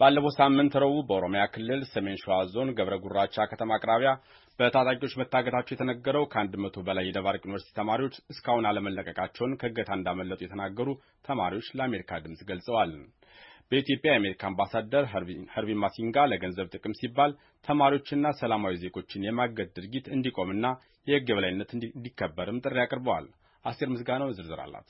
ባለፈው ሳምንት ረቡዕ በኦሮሚያ ክልል ሰሜን ሸዋ ዞን ገብረ ጉራቻ ከተማ አቅራቢያ በታጣቂዎች መታገታቸው የተነገረው ከአንድ መቶ በላይ የደባርቅ ዩኒቨርሲቲ ተማሪዎች እስካሁን አለመለቀቃቸውን ከእገታ እንዳመለጡ የተናገሩ ተማሪዎች ለአሜሪካ ድምፅ ገልጸዋል። በኢትዮጵያ የአሜሪካ አምባሳደር ሀርቪ ማሲንጋ ለገንዘብ ጥቅም ሲባል ተማሪዎችና ሰላማዊ ዜጎችን የማገድ ድርጊት እንዲቆምና የሕግ የበላይነት እንዲከበርም ጥሪ አቅርበዋል። አስቴር ምስጋናው ዝርዝር አላት።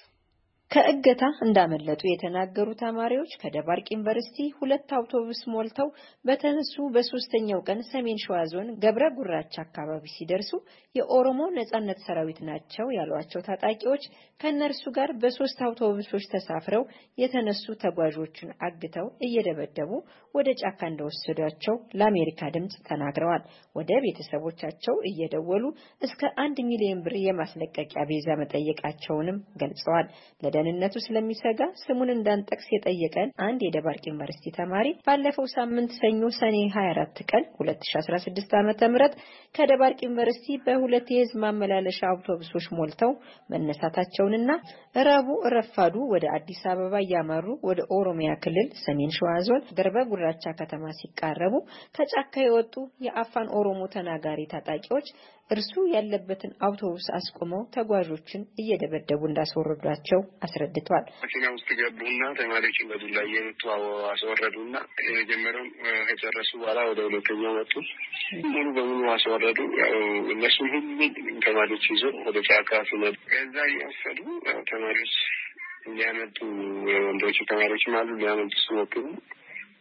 ከእገታ እንዳመለጡ የተናገሩ ተማሪዎች ከደባርቅ ዩኒቨርሲቲ ሁለት አውቶቡስ ሞልተው በተነሱ በሶስተኛው ቀን ሰሜን ሸዋ ዞን ገብረ ጉራቻ አካባቢ ሲደርሱ የኦሮሞ ነጻነት ሰራዊት ናቸው ያሏቸው ታጣቂዎች ከእነርሱ ጋር በሶስት አውቶቡሶች ተሳፍረው የተነሱ ተጓዦቹን አግተው እየደበደቡ ወደ ጫካ እንደወሰዷቸው ለአሜሪካ ድምፅ ተናግረዋል። ወደ ቤተሰቦቻቸው እየደወሉ እስከ አንድ ሚሊዮን ብር የማስለቀቂያ ቤዛ መጠየቃቸውንም ገልጸዋል። ለደህንነቱ ስለሚሰጋ ስሙን እንዳንጠቅስ የጠየቀን አንድ የደባርቅ ዩኒቨርሲቲ ተማሪ ባለፈው ሳምንት ሰኞ ሰኔ 24 ቀን 2016 ም ከደባርቅ ዩኒቨርሲቲ በሁለት የህዝብ ማመላለሻ አውቶቡሶች ሞልተው መነሳታቸውንና ረቡ ረፋዱ ወደ አዲስ አበባ እያመሩ ወደ ኦሮሚያ ክልል ሰሜን ሸዋ ዞን ደርበ ጉራቻ ከተማ ሲቃረቡ ከጫካ የወጡ የአፋን ኦሮሞ ተናጋሪ ታጣቂዎች እርሱ ያለበትን አውቶቡስ አስቆመው ተጓዦችን እየደበደቡ እንዳስወረዷቸው አስረድቷል። መኪና ውስጥ ገቡና ተማሪዎችን በዱላ እየመቱ አስወረዱና የመጀመሪያውን ከጨረሱ በኋላ ወደ ሁለተኛው መጡ። ሙሉ በሙሉ አስወረዱ። እነሱም ሁሉ ተማሪዎች ይዞ ወደ ጫካ ሲመጡ ከዛ እያሰዱ ተማሪዎች ሊያመጡ ወንዶቹ ተማሪዎችም አሉ ሊያመጡ ሲሞክሩ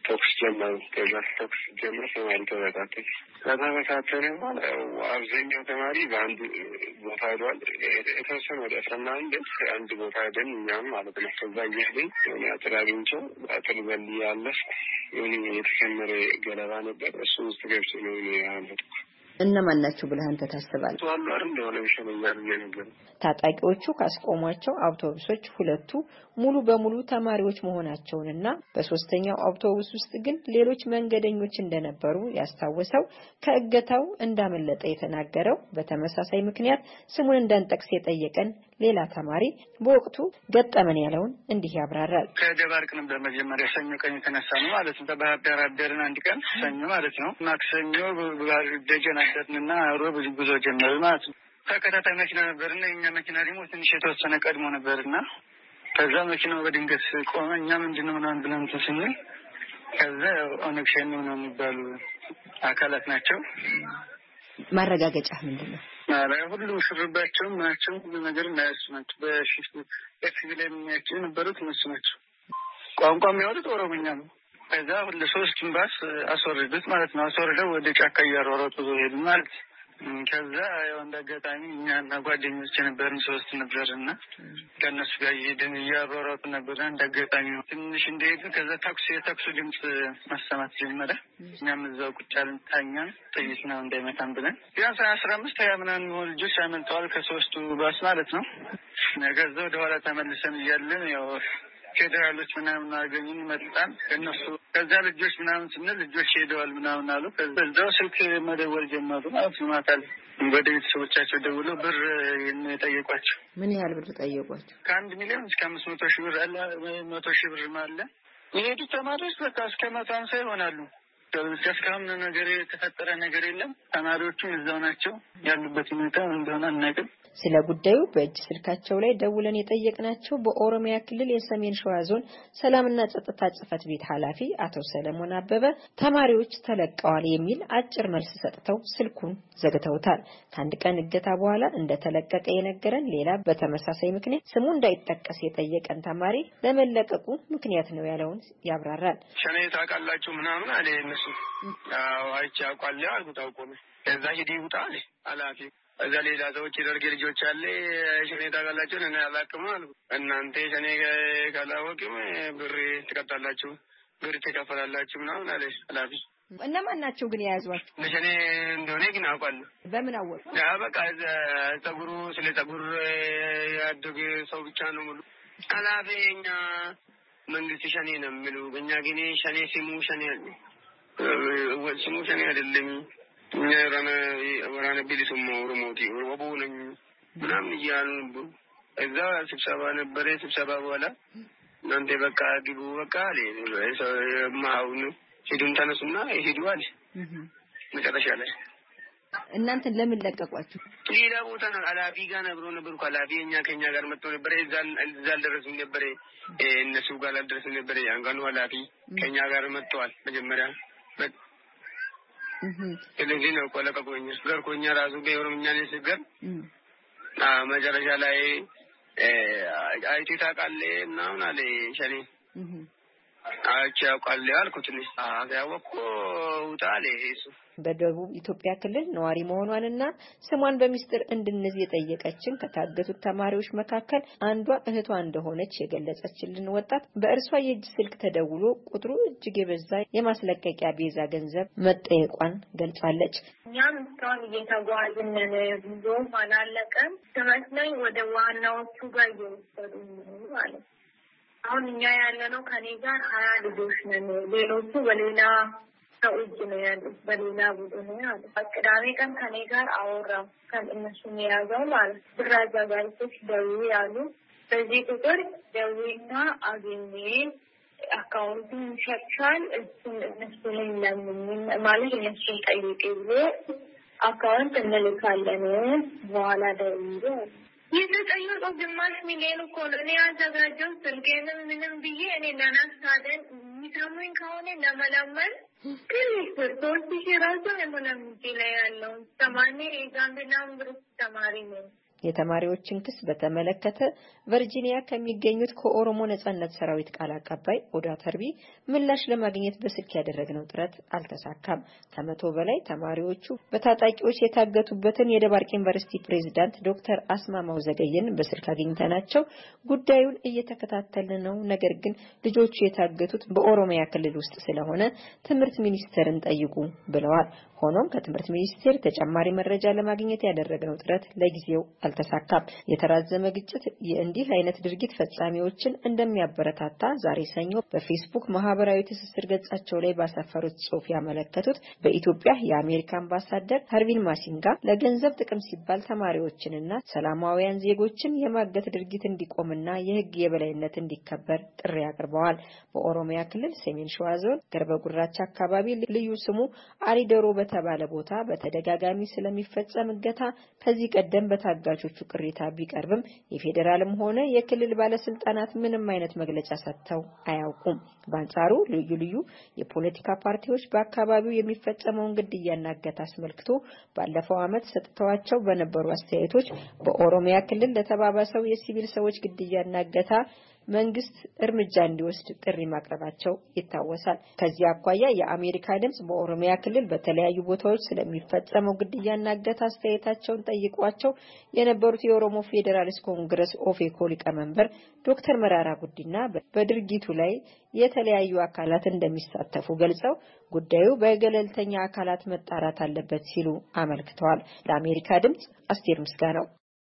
ተኩስ ጀመሩ። ከዛ ተኩስ ጀምሮ ተማሪ ተበታተነ። ከተበታተነ በኋላ አብዛኛው ተማሪ በአንድ ቦታ ሄደዋል። የተወሰነ ወደ አስራ ምናምን ግን አንድ ቦታ ሄደን እኛም ማለት ነው። ከዛ እያሄድን ሆነ አጥር አግኝቼው አጥር በል ያለፍ የሆነ የተከመረ ገለባ ነበር። እሱ ውስጥ ገብቼ ነው ያመጥኩ እነማን ናቸው ብለህ አንተ ታስባለህ? ታጣቂዎቹ ካስቆሟቸው አውቶቡሶች ሁለቱ ሙሉ በሙሉ ተማሪዎች መሆናቸውንና በሶስተኛው አውቶቡስ ውስጥ ግን ሌሎች መንገደኞች እንደነበሩ ያስታወሰው ከእገታው እንዳመለጠ የተናገረው በተመሳሳይ ምክንያት ስሙን እንዳንጠቅስ የጠየቀን ሌላ ተማሪ በወቅቱ ገጠመን ያለውን እንዲህ ያብራራል። ከደባርቅ በመጀመሪያ ሰኞ ቀን የተነሳ ነው ማለት ነው። በባህር ዳር አደርን አንድ ቀን ሰኞ ማለት ነው። ማክሰኞ ደጀና አሸጥንና ሮብ ጉዞ ጀመር ማለት ነው። ተከታታይ መኪና ነበር እና የኛ መኪና ደግሞ ትንሽ የተወሰነ ቀድሞ ነበር እና ከዛ መኪናው በድንገት ቆመ። እኛ ምንድነው ምናምን ብለን እንትን ስንል ከዛ ኦነግ ሸኔ ነው የሚባሉ አካላት ናቸው። ማረጋገጫ ምንድን ነው? ሁሉ ሽርባቸውም ምናቸውም ሁሉ ነገር እናያሱ ናቸው። በፊ ላይ የሚያቸው የነበሩት እነሱ ናቸው። ቋንቋ የሚያወጡት ኦሮምኛ ነው። ከዛ ሁለ ሶስቱን ባስ አስወርዱት ማለት ነው። አስወርደው ወደ ጫካ እያሯሯጡ ሄዱ ማለት ከዛ ያው እንደ አጋጣሚ እኛና ጓደኞች የነበርን ሶስት ነበር እና ከእነሱ ጋር እየሄድን እያሯሯጡ ነበር። እንደ አጋጣሚ ነው ትንሽ እንደሄዱ ከዛ ተኩስ የተኩሱ ድምፅ መሰማት ጀመረ። እኛም እዛው ቁጫልን ታኛን። ጥይት ነው እንዳይመታን ብለን ቢያንስ አስራ አምስት ሀያ ምናምን የሚሆኑ ልጆች ያመልጠዋል ከሶስቱ ባስ ማለት ነው። ከዛ ወደኋላ ተመልሰን እያለን ያው ፌዴራሎች ምናምን አገኙን መጣን እነሱ ከዛ ልጆች ምናምን ስንል ልጆች ሄደዋል ምናምን አሉ። በዛው ስልክ መደወል ጀመሩ ማለት ማታል ማታ ላይ ወደ ቤተሰቦቻቸው ደውለው ብር የጠየቋቸው። ምን ያህል ብር ጠየቋቸው? ከአንድ ሚሊዮን እስከ አምስት መቶ ሺህ ብር አለ። መቶ ሺህ ብር አለ። የሄዱት ተማሪዎች በቃ እስከ መቶ ሀምሳ ይሆናሉ። እስካሁን ነገር የተፈጠረ ነገር የለም። ተማሪዎቹም እዛው ናቸው። ያሉበት ሁኔታ እንደሆነ አናውቅም። ስለ ጉዳዩ በእጅ ስልካቸው ላይ ደውለን የጠየቅናቸው በኦሮሚያ ክልል የሰሜን ሸዋ ዞን ሰላምና ጸጥታ ጽህፈት ቤት ኃላፊ አቶ ሰለሞን አበበ ተማሪዎች ተለቀዋል የሚል አጭር መልስ ሰጥተው ስልኩን ዘግተውታል። ከአንድ ቀን እገታ በኋላ እንደተለቀቀ የነገረን ሌላ በተመሳሳይ ምክንያት ስሙ እንዳይጠቀስ የጠየቀን ተማሪ ለመለቀቁ ምክንያት ነው ያለውን ያብራራል። ሸኔ ታውቃላችሁ ምናምን አለ። እነሱ አይቼ አውቃለሁ አልኩት። አውቆ ነው ከዛ ሂድ ይውጣ አለ ኃላፊ እዛ ሌላ ሰዎች የደርጌ ልጆች አለ ሸኔ ታውቃላችሁን? እኔ አላቅም አሉ። እናንተ ሸኔ ካላወቅም ብር ትቀጣላችሁ፣ ብር ትከፈላላችሁ ምናምን አለ ኃላፊ። እነማን ናቸው ግን የያዟቸው? ሸኔ እንደሆነ ግን አውቃለሁ። በምን አወቁ? በቃ ጸጉሩ ስለ ጸጉር ያደገ ሰው ብቻ ነው ሙሉ ኃላፊ እኛ መንግስት ሸኔ ነው የሚሉ እኛ ግን ሸኔ ስሙ ሸኔ አለ ስሙ ሸኔ አይደለም ኦሮሞቲ ኦሮሞ ነኝ ምናምን እያሉ ነበሩ። እዛ ስብሰባ ነበረ። ስብሰባ በኋላ እናንተ በቃ ግቡ በቃ ሂዱን ተነሱና ሂዱ አለ። መጨረሻ ላይ እናንተን ለምን ለቀቋችሁ? ሌላ ቦታ ነው አላቢ ጋር ነብሮ ነበር እኮ አላቢ እኛ ከኛ ጋር መጥቶ ነበረ። እዛ አልደረሱም ነበረ፣ እነሱ ጋር አልደረሱም ነበረ። አንጋኑ አላፊ ከኛ ጋር መጥተዋል መጀመሪያ ስለዚህ ነው እኮ ለቀቆኝ። እሱ ኮኛ ራሱ በኦሮምኛ ነው ስገር መጨረሻ ላይ አይቴ ታውቃለህ ምናምን አለ ሸኔ አይቼ ያውቃል ያልኩ ትንሽ ያወቅኩ ውጣል ይሄ ይሱ በደቡብ ኢትዮጵያ ክልል ነዋሪ መሆኗንና ስሟን በሚስጥር እንድንዝ የጠየቀችን ከታገቱት ተማሪዎች መካከል አንዷ እህቷ እንደሆነች የገለጸችልን ወጣት በእርሷ የእጅ ስልክ ተደውሎ ቁጥሩ እጅግ የበዛ የማስለቀቂያ ቤዛ ገንዘብ መጠየቋን ገልጻለች። እኛም እስካሁን እየተጓዝን ብዙ አላለቀም። ትመስለኝ ወደ ዋናዎቹ ጋር እየወሰዱ ማለት አሁን እኛ ያለነው ከኔ ጋር ሀያ ልጆች ነን። ሌሎቹ በሌላ ሰው እጅ ነው ያሉት፣ በሌላ ቡድን ነው ያሉ። ቅዳሜ ቀን ከኔ ጋር አወራ እነሱን የያዘው ማለት ብር አዘጋጅቶች ደዊ ያሉ። በዚህ ቁጥር ደውዪና አገኘ አካውንቱን ይሸጥሻል፣ እሱን እነሱ ለምን ማለት እነሱን ጠይቄ ብሎ አካውንት እንልካለን በኋላ ደውዪ የተጠየቁ ግማሽ ሚሊዮን እኮ ነው። እኔ አዘጋጀው ስልኬንም ምንም ብዬ እኔ ለናሳደን የሚሰሙኝ ከሆነ ለመለመን ግን ሶስት ሺህ ራሱ የሆነ ምጅ ላይ ያለው ተማኔ የጋምቤላ ዩኒቨርስቲ ተማሪ ነው። የተማሪዎችን ክስ በተመለከተ ቨርጂኒያ ከሚገኙት ከኦሮሞ ነጻነት ሰራዊት ቃል አቀባይ ኦዳ ተርቢ ምላሽ ለማግኘት በስልክ ያደረግነው ጥረት አልተሳካም። ከመቶ በላይ ተማሪዎቹ በታጣቂዎች የታገቱበትን የደባርቅ ዩኒቨርሲቲ ፕሬዝዳንት ዶክተር አስማማው ዘገየን በስልክ አግኝተናቸው ጉዳዩን እየተከታተል ነው፣ ነገር ግን ልጆቹ የታገቱት በኦሮሚያ ክልል ውስጥ ስለሆነ ትምህርት ሚኒስቴርን ጠይቁ ብለዋል። ሆኖም ከትምህርት ሚኒስቴር ተጨማሪ መረጃ ለማግኘት ያደረግነው ጥረት ለጊዜው አልተሳካም። የተራዘመ ግጭት የእንዲህ አይነት ድርጊት ፈጻሚዎችን እንደሚያበረታታ ዛሬ ሰኞ በፌስቡክ ማህበራዊ ትስስር ገጻቸው ላይ ባሰፈሩት ጽሑፍ ያመለከቱት በኢትዮጵያ የአሜሪካ አምባሳደር ሀርቪን ማሲንጋ ለገንዘብ ጥቅም ሲባል ተማሪዎችንና ሰላማውያን ዜጎችን የማገት ድርጊት እንዲቆምና የህግ የበላይነት እንዲከበር ጥሪ አቅርበዋል። በኦሮሚያ ክልል ሰሜን ሸዋ ዞን ገርበ አካባቢ ልዩ ስሙ አሪደሮ በተባለ ቦታ በተደጋጋሚ ስለሚፈጸም እገታ ከዚህ ቀደም በታጋቾቹ ቅሬታ ቢቀርብም የፌዴራልም ሆነ የክልል ባለስልጣናት ምንም አይነት መግለጫ ሰጥተው አያውቁም። በአንጻሩ ልዩ ልዩ የፖለቲካ ፓርቲዎች በአካባቢው የሚፈጸመውን ግድያና እገታ አስመልክቶ ባለፈው ዓመት ሰጥተዋቸው በነበሩ አስተያየቶች በኦሮሚያ ክልል ለተባባሰው የሲቪል ሰዎች ግድያና እገታ መንግስት እርምጃ እንዲወስድ ጥሪ ማቅረባቸው ይታወሳል። ከዚህ አኳያ የአሜሪካ ድምፅ በኦሮሚያ ክልል በተለያዩ ቦታዎች ስለሚፈጸመው ግድያና እገታ አስተያየታቸውን ጠይቋቸው የነበሩት የኦሮሞ ፌዴራሊስት ኮንግረስ ኦፌኮ ሊቀመንበር ዶክተር መራራ ጉዲና በድርጊቱ ላይ የተለያዩ አካላት እንደሚሳተፉ ገልጸው ጉዳዩ በገለልተኛ አካላት መጣራት አለበት ሲሉ አመልክተዋል። ለአሜሪካ ድምፅ አስቴር ምስጋናው